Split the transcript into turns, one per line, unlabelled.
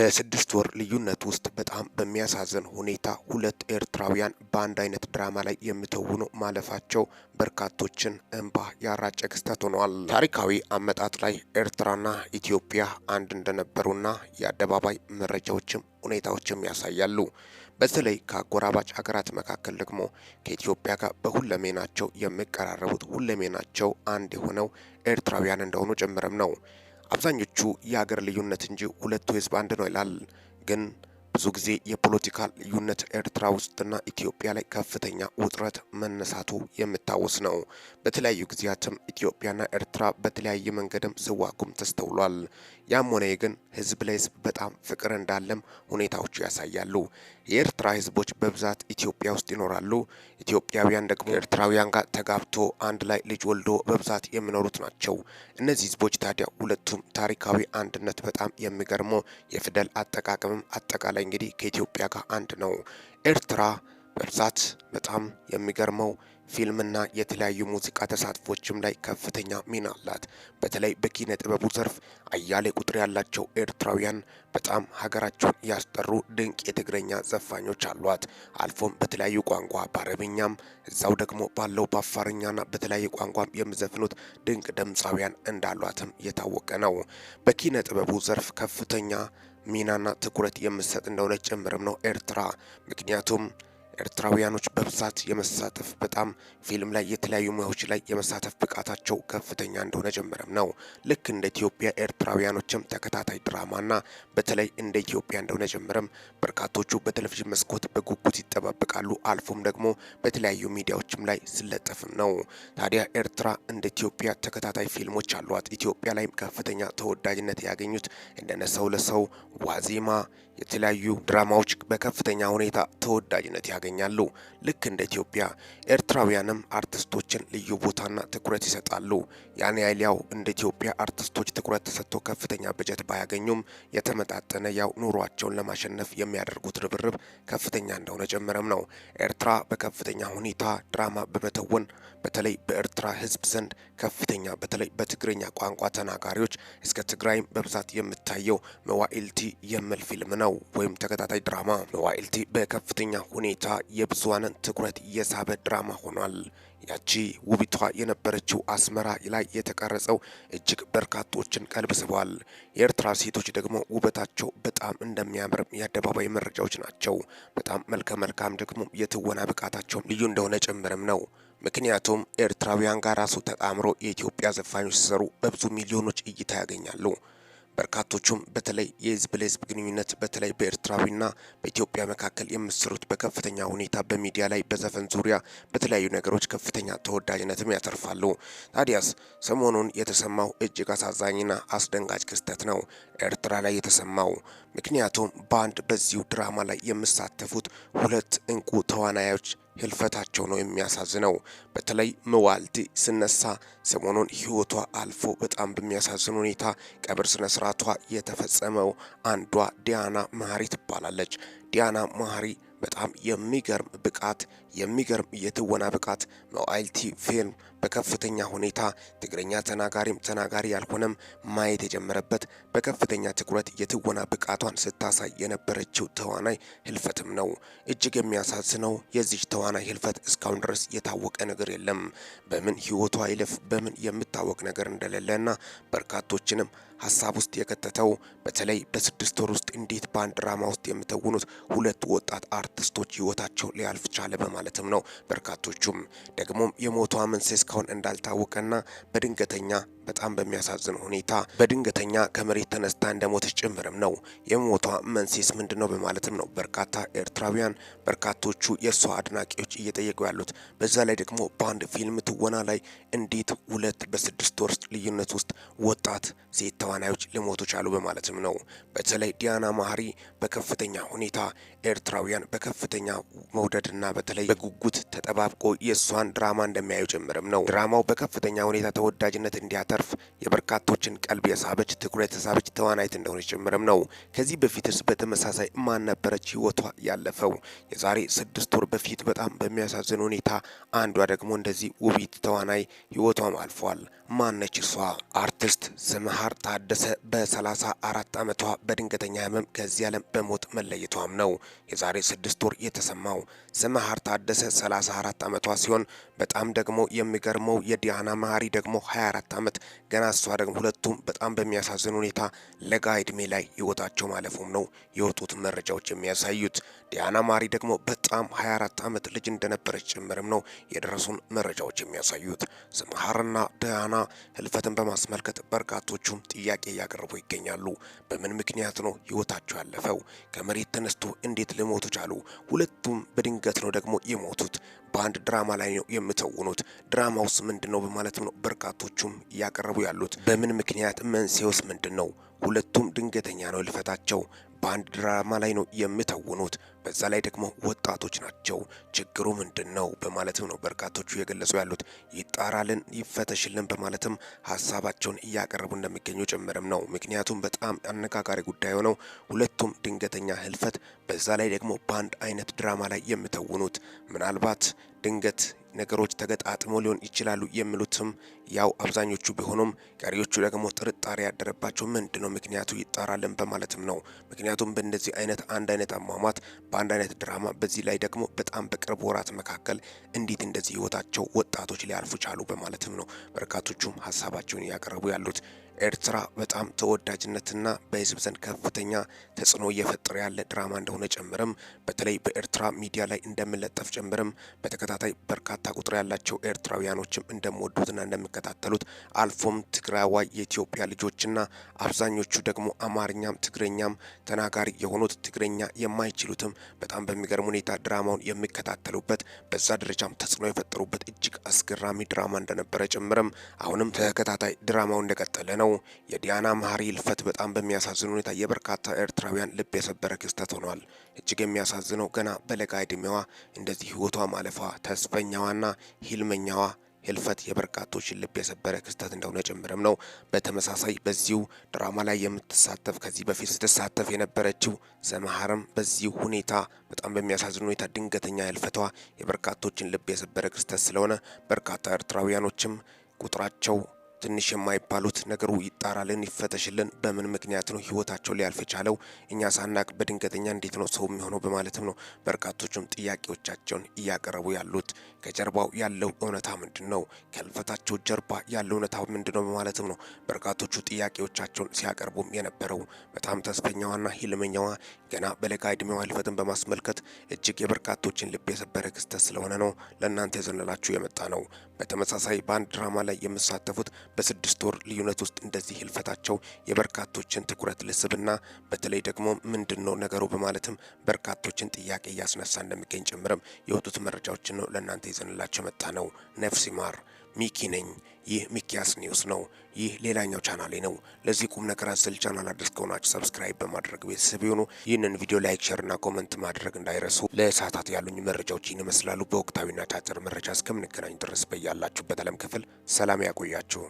በስድስት ወር ልዩነት ውስጥ በጣም በሚያሳዝን ሁኔታ ሁለት ኤርትራውያን በአንድ አይነት ድራማ ላይ የሚተውኑ ማለፋቸው በርካቶችን እንባ ያራጨ ክስተት ሆኗል። ታሪካዊ አመጣጥ ላይ ኤርትራና ኢትዮጵያ አንድ እንደነበሩና የአደባባይ መረጃዎችም ሁኔታዎችም ያሳያሉ። በተለይ ከአጎራባጭ ሀገራት መካከል ደግሞ ከኢትዮጵያ ጋር በሁለሜናቸው የሚቀራረቡት ሁለሜናቸው አንድ የሆነው ኤርትራውያን እንደሆኑ ጭምርም ነው። አብዛኞቹ የአገር ልዩነት እንጂ ሁለቱ ህዝብ አንድ ነው ይላል። ግን ብዙ ጊዜ የፖለቲካ ልዩነት ኤርትራ ውስጥና ኢትዮጵያ ላይ ከፍተኛ ውጥረት መነሳቱ የምታወስ ነው። በተለያዩ ጊዜያትም ኢትዮጵያና ኤርትራ በተለያየ መንገድም ስዋጉም ተስተውሏል። ያም ሆነ ግን ህዝብ ለህዝብ በጣም ፍቅር እንዳለም ሁኔታዎቹ ያሳያሉ። የኤርትራ ህዝቦች በብዛት ኢትዮጵያ ውስጥ ይኖራሉ። ኢትዮጵያውያን ደግሞ ኤርትራውያን ጋር ተጋብቶ አንድ ላይ ልጅ ወልዶ በብዛት የሚኖሩት ናቸው። እነዚህ ህዝቦች ታዲያ ሁለቱም ታሪካዊ አንድነት በጣም የሚገርመው የፊደል አጠቃቀምም አጠቃላይ እንግዲህ ከኢትዮጵያ ጋር አንድ ነው። ኤርትራ በብዛት በጣም የሚገርመው ፊልምና የተለያዩ ሙዚቃ ተሳትፎችም ላይ ከፍተኛ ሚና አላት። በተለይ በኪነ ጥበቡ ዘርፍ አያሌ ቁጥር ያላቸው ኤርትራውያን በጣም ሀገራቸውን ያስጠሩ ድንቅ የትግረኛ ዘፋኞች አሏት። አልፎም በተለያዩ ቋንቋ በአረብኛም፣ እዛው ደግሞ ባለው በአፋርኛና በተለያዩ ቋንቋም የሚዘፍኑት ድንቅ ድምፃውያን እንዳሏትም የታወቀ ነው። በኪነ ጥበቡ ዘርፍ ከፍተኛ ሚናና ትኩረት የምትሰጥ እንደሆነ ጭምርም ነው ኤርትራ ምክንያቱም ኤርትራውያኖች በብዛት የመሳተፍ በጣም ፊልም ላይ የተለያዩ ሙያዎች ላይ የመሳተፍ ብቃታቸው ከፍተኛ እንደሆነ ጀምረም ነው። ልክ እንደ ኢትዮጵያ ኤርትራውያኖችም ተከታታይ ድራማና በተለይ እንደ ኢትዮጵያ እንደሆነ ጀምረም በርካቶቹ በቴሌቪዥን መስኮት በጉጉት ይጠባበቃሉ። አልፎም ደግሞ በተለያዩ ሚዲያዎችም ላይ ስለጠፍም ነው። ታዲያ ኤርትራ እንደ ኢትዮጵያ ተከታታይ ፊልሞች አሏት። ኢትዮጵያ ላይም ከፍተኛ ተወዳጅነት ያገኙት እንደነ ሰው ለሰው ዋዜማ የተለያዩ ድራማዎች በከፍተኛ ሁኔታ ተወዳጅነት ያገኛሉ። ልክ እንደ ኢትዮጵያ ኤርትራውያንም አርቲስቶችን ልዩ ቦታና ትኩረት ይሰጣሉ። ያኔ አይሊያው እንደ ኢትዮጵያ አርቲስቶች ትኩረት ተሰጥቶ ከፍተኛ በጀት ባያገኙም የተመጣጠነ ያው ኑሯቸውን ለማሸነፍ የሚያደርጉት ርብርብ ከፍተኛ እንደሆነ ጨምረም ነው። ኤርትራ በከፍተኛ ሁኔታ ድራማ በመተወን በተለይ በኤርትራ ሕዝብ ዘንድ ከፍተኛ በተለይ በትግረኛ ቋንቋ ተናጋሪዎች እስከ ትግራይም በብዛት የምታየው መዋኢልቲ የሚል ፊልም ነው። ነው ወይም ተከታታይ ድራማ መዋዕልቲ በከፍተኛ ሁኔታ የብዙሃንን ትኩረት የሳበ ድራማ ሆኗል። ያቺ ውቢቷ የነበረችው አስመራ ላይ የተቀረጸው እጅግ በርካቶችን ቀልብ ስቧል። የኤርትራ ሴቶች ደግሞ ውበታቸው በጣም እንደሚያምር የአደባባይ መረጃዎች ናቸው። በጣም መልከ መልካም ደግሞ የትወና ብቃታቸውም ልዩ እንደሆነ ጭምርም ነው። ምክንያቱም ኤርትራውያን ጋር ራሱ ተጣምሮ የኢትዮጵያ ዘፋኞች ሲሰሩ በብዙ ሚሊዮኖች እይታ ያገኛሉ። በርካቶቹም በተለይ የህዝብ ለህዝብ ግንኙነት በተለይ በኤርትራዊና በኢትዮጵያ መካከል የምትሰሩት በከፍተኛ ሁኔታ በሚዲያ ላይ በዘፈን ዙሪያ በተለያዩ ነገሮች ከፍተኛ ተወዳጅነትም ያተርፋሉ። ታዲያስ ሰሞኑን የተሰማው እጅግ አሳዛኝና አስደንጋጭ ክስተት ነው ኤርትራ ላይ የተሰማው። ምክንያቱም በአንድ በዚሁ ድራማ ላይ የምሳተፉት ሁለት እንቁ ተዋናዮች ህልፈታቸው ነው የሚያሳዝነው። በተለይ ምዋልድ ስነሳ ሰሞኑን ህይወቷ አልፎ በጣም በሚያሳዝን ሁኔታ ቀብር ስነ ስርዓቷ የተፈጸመው አንዷ ዲያና መሀሪ ትባላለች። ዲያና መሀሪ በጣም የሚገርም ብቃት የሚገርም የትወና ብቃት መዋዕልቲ ፊልም በከፍተኛ ሁኔታ ትግረኛ ተናጋሪም ተናጋሪ ያልሆነም ማየት የጀመረበት በከፍተኛ ትኩረት የትወና ብቃቷን ስታሳይ የነበረችው ተዋናይ ህልፈትም ነው። እጅግ የሚያሳዝነው የዚች ተዋናይ ህልፈት እስካሁን ድረስ የታወቀ ነገር የለም። በምን ህይወቷ ይለፍ በምን የምታወቅ ነገር እንደሌለና በርካቶችንም ሀሳብ ውስጥ የከተተው በተለይ በስድስት ወር ውስጥ እንዴት በአንድ ድራማ ውስጥ የምተውኑት ሁለት ወጣት አርቲስቶች ህይወታቸው ሊያልፍ ቻለ በማለትም ነው። በርካቶቹም ደግሞም የሞቷ መንስኤ እስካሁን እንዳልታወቀና በድንገተኛ በጣም በሚያሳዝን ሁኔታ በድንገተኛ ከመሬት ተነስታ እንደሞተች ጭምርም ነው። የሞቷ መንስኤስ ምንድን ነው በማለትም ነው በርካታ ኤርትራውያን በርካቶቹ የእርሷ አድናቂዎች እየጠየቁ ያሉት። በዛ ላይ ደግሞ በአንድ ፊልም ትወና ላይ እንዴት ሁለት በስድስት ወር ልዩነት ውስጥ ወጣት ሴት ተዋናዮች ሊሞቱ ቻሉ በማለትም ነው። በተለይ ዲያና ማህሪ በከፍተኛ ሁኔታ ኤርትራውያን በከፍተኛ መውደድና በተለይ በጉጉት ተጠባብቆ የእሷን ድራማ እንደሚያዩ ጭምርም ነው። ድራማው በከፍተኛ ሁኔታ ተወዳጅነት እንዲያተር ዘርፍ የበርካቶችን ቀልብ የሳበች ትኩረት የሳበች ተዋናይት እንደሆነች ጭምርም ነው። ከዚህ በፊትስ በተመሳሳይ ማን ነበረች ህይወቷ ያለፈው? የዛሬ ስድስት ወር በፊት በጣም በሚያሳዝን ሁኔታ አንዷ ደግሞ እንደዚህ ውቢት ተዋናይ ህይወቷም አልፏል። ማነች እሷ? አርቲስት ስምሃር ታደሰ በሰላሳ አራት ዓመቷ በድንገተኛ ህመም ከዚህ ዓለም በሞት መለየቷም ነው የዛሬ ስድስት ወር የተሰማው። ስምሃር ታደሰ 34 ዓመቷ ሲሆን በጣም ደግሞ የሚገርመው የዲያና መሀሪ ደግሞ 24 ዓመት ገና እሷ ደግሞ ሁለቱም በጣም በሚያሳዝን ሁኔታ ለጋ እድሜ ላይ ህይወታቸው ማለፉም ነው የወጡት መረጃዎች የሚያሳዩት። ዲያና መሀሪ ደግሞ በጣም 24 ዓመት ልጅ እንደነበረች ጭምርም ነው የደረሱን መረጃዎች የሚያሳዩት። ስምሃርና ዲያና ህልፈትን በማስመልከት በርካቶቹም ጥያቄ እያቀረቡ ይገኛሉ። በምን ምክንያት ነው ህይወታቸው ያለፈው? ከመሬት ተነስቶ እንዴት ሊሞቱ ቻሉ? ሁለቱም በድንገት ነው ደግሞ የሞቱት። በአንድ ድራማ ላይ ነው የምተውኑት። ድራማውስ ምንድን ነው በማለትም ነው በርካቶቹም እያቀረቡ ያሉት። በምን ምክንያት መንስኤውስ ምንድን ነው? ሁለቱም ድንገተኛ ነው ህልፈታቸው። በአንድ ድራማ ላይ ነው የሚተውኑት። በዛ ላይ ደግሞ ወጣቶች ናቸው። ችግሩ ምንድን ነው በማለትም ነው በርካቶቹ እየገለጹ ያሉት። ይጣራልን፣ ይፈተሽልን በማለትም ሀሳባቸውን እያቀረቡ እንደሚገኙ ጭምርም ነው። ምክንያቱም በጣም አነጋጋሪ ጉዳይ ሆነው ሁለቱም ድንገተኛ ህልፈት፣ በዛ ላይ ደግሞ በአንድ አይነት ድራማ ላይ የሚተውኑት ምናልባት ድንገት ነገሮች ተገጣጥሞ ሊሆን ይችላሉ የሚሉትም ያው አብዛኞቹ ቢሆኑም ቀሪዎቹ ደግሞ ጥርጣሬ ያደረባቸው ምንድን ነው ምክንያቱ ይጣራልን በማለትም ነው። ምክንያቱም በእንደዚህ አይነት አንድ አይነት አሟሟት በአንድ አይነት ድራማ፣ በዚህ ላይ ደግሞ በጣም በቅርብ ወራት መካከል እንዴት እንደዚህ ህይወታቸው ወጣቶች ሊያልፉ ቻሉ በማለትም ነው በርካቶቹም ሀሳባቸውን እያቀረቡ ያሉት። ኤርትራ በጣም ተወዳጅነትና በህዝብ ዘንድ ከፍተኛ ተጽዕኖ እየፈጠረ ያለ ድራማ እንደሆነ ጨምርም በተለይ በኤርትራ ሚዲያ ላይ እንደምለጠፍ ጨምርም በተከታታይ በርካታ ቁጥር ያላቸው ኤርትራውያኖችም እንደምወዱትና እንደምከ የሚከታተሉት አልፎም ትግራዋይ የኢትዮጵያ ልጆችና አብዛኞቹ ደግሞ አማርኛም ትግረኛም ተናጋሪ የሆኑት ትግረኛ የማይችሉትም በጣም በሚገርም ሁኔታ ድራማውን የሚከታተሉበት በዛ ደረጃም ተጽዕኖ የፈጠሩበት እጅግ አስገራሚ ድራማ እንደነበረ ጭምርም አሁንም ተከታታይ ድራማው እንደቀጠለ ነው። የዲያና መሀሪ ህልፈት በጣም በሚያሳዝን ሁኔታ የበርካታ ኤርትራውያን ልብ የሰበረ ክስተት ሆኗል። እጅግ የሚያሳዝነው ገና በለጋ ዕድሜዋ እንደዚህ ህይወቷ ማለፏ ተስፈኛዋና ሂልመኛዋ ህልፈት የበርካቶችን ልብ የሰበረ ክስተት እንደሆነ ጭምርም ነው። በተመሳሳይ በዚሁ ድራማ ላይ የምትሳተፍ ከዚህ በፊት ስትሳተፍ የነበረችው ዘመሀርም በዚህ ሁኔታ በጣም በሚያሳዝን ሁኔታ ድንገተኛ ህልፈቷ የበርካቶችን ልብ የሰበረ ክስተት ስለሆነ በርካታ ኤርትራውያኖችም ቁጥራቸው ትንሽ የማይባሉት ነገሩ ይጣራልን፣ ይፈተሽልን። በምን ምክንያት ነው ህይወታቸው ሊያልፍ የቻለው? እኛ ሳናቅ በድንገተኛ እንዴት ነው ሰው የሚሆነው? በማለትም ነው በርካቶቹም ጥያቄዎቻቸውን እያቀረቡ ያሉት። ከጀርባው ያለው እውነታ ምንድን ነው? ከህልፈታቸው ጀርባ ያለው እውነታ ምንድን ነው? በማለትም ነው በርካቶቹ ጥያቄዎቻቸውን ሲያቀርቡም የነበረው። በጣም ተስፈኛዋና ሂልመኛዋ ገና በለጋ እድሜዋ ህልፈትን በማስመልከት እጅግ የበርካቶችን ልብ የሰበረ ክስተት ስለሆነ ነው ለእናንተ የዘነላችሁ የመጣ ነው። በተመሳሳይ በአንድ ድራማ ላይ የምሳተፉት በስድስት ወር ልዩነት ውስጥ እንደዚህ ህልፈታቸው የበርካቶችን ትኩረት ልስብና በተለይ ደግሞ ምንድን ነው ነገሩ በማለትም በርካቶችን ጥያቄ እያስነሳ እንደሚገኝ ጭምርም የወጡት መረጃዎችን ነው ለእናንተ ይዘንላቸው መጣ ነው። ነፍስ ይማር። ሚኪ ነኝ። ይህ ሚኪያስ ኒውስ ነው። ይህ ሌላኛው ቻናሌ ነው። ለዚህ ቁም ነገር አዘል ቻናል አዲስ ከሆናችሁ ሰብስክራይብ በማድረግ ቤተሰብ የሆኑ ይህንን ቪዲዮ ላይክ፣ ሸር እና ኮመንት ማድረግ እንዳይረሱ። ለሰዓታት ያሉኝ መረጃዎች ይህን ይመስላሉ። በወቅታዊና ጫጭር መረጃ እስከምንገናኝ ድረስ በያላችሁበት አለም ክፍል ሰላም ያቆያችሁ።